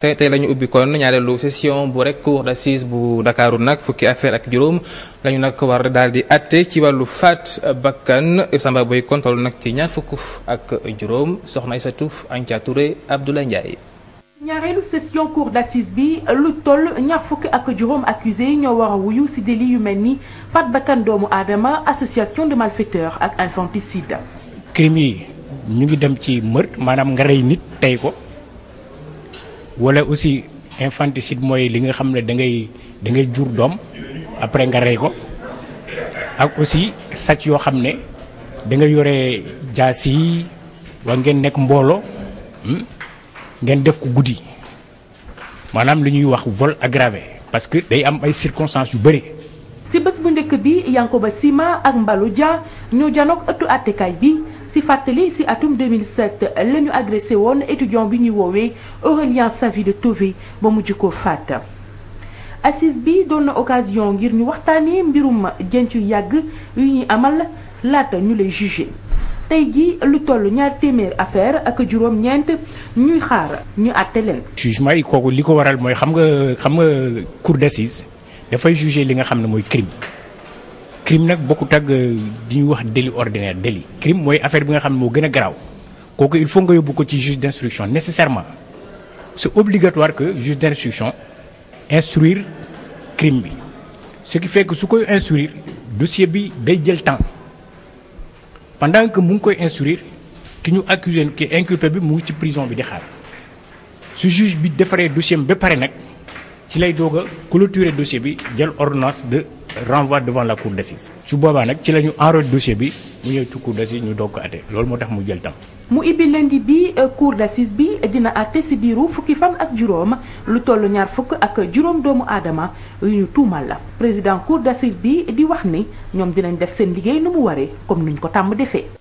tey tey la ñu ubbi kon ñaareelu session bu rek cour d'assises bu Ndakaaru nag fukki affaire ak juróom la ñu nag war daal di àtte ci wàllu faat bakkan Samba Boy kon toll nag ci ñaar fukk ak juróom soxna Aïssatou Anca Touré Abdoulaye Ndiaye. ñaareelu session cour d'assises bi lu toll ñaar fukki ak juróom accusé ñoo war a wuyu ci délit yu mel ni faat bakkan doomu aadama association de malfaiteurs ak infanticide. crime yi ñu ngi dem ci meurtre maanaam nga rey nit te ko. wala aussi infanticide mooy li nga xam ne da ngay da ngay jur doom après nga rey ko ak aussi sàcc yoo xam ne da nga yore jaas yi wa ngeen nekk mbooloo hmm, ngeen def ko guddi maanaam li ñuy wax vol aggravé parce que day am ay circonstances yu bëri. ci bés bu njëkk bi Yankoba Sima ak Mbalou Dia ñu janook ëttu àttekaay bi. si fàttali si atum 2007 la ñu agressé woon étudiant bi ñuy woowee Aurélien Savi de Tové ba mujj ko faat. assise bi doon na occasion ngir ñu waxtaanee mbirum jënc yu yàgg yu ñuy amal laata ñu lay jugé tey jii lu toll ñaar téeméer affaire ak juróom-ñeent ñuy xaar ñu àtte leen. jugement yi kooku li ko waral mooy xam nga xam nga cour d'assises dafay jugé li nga xam ne mooy crime. crime nag bokkut ak euh, di ñuy wax délit ordinaire délit crime mooy affaire bi nga xam ne moo gën a garaaw kooku il faut nga yóbbu ko ci juge d'instruction nécessairement c'est obligatoire que juge d'instruction instruire crime bi ce qui fait su koy instruire dossier bi day jël temps pendant que mu ngi koy instruire ki ñu accusé ki inculpé bi mu ci prison bi di xaar su juge bi defaree dossier am ba pare nag ci lay doog a clôturer dossier bi jël ordonnance de renvoi devant la cour d'assises su boobaa nag ci la ñu enrôle bi mu ñëw ci cour d'assises ñu doog ko àtte loolu moo tax mu jël tam mu ibbi lundi bi euh, cour d'assises bi dina àtte si diiru fukki fan ak juróom lu toll ñaar fukk ak juróom doomu aadama yu ñu tuumal la président cour d'assises bi di wax ni ñoom dinañ def seen liggéey nu mu waree comme ñu ko tàmm defee.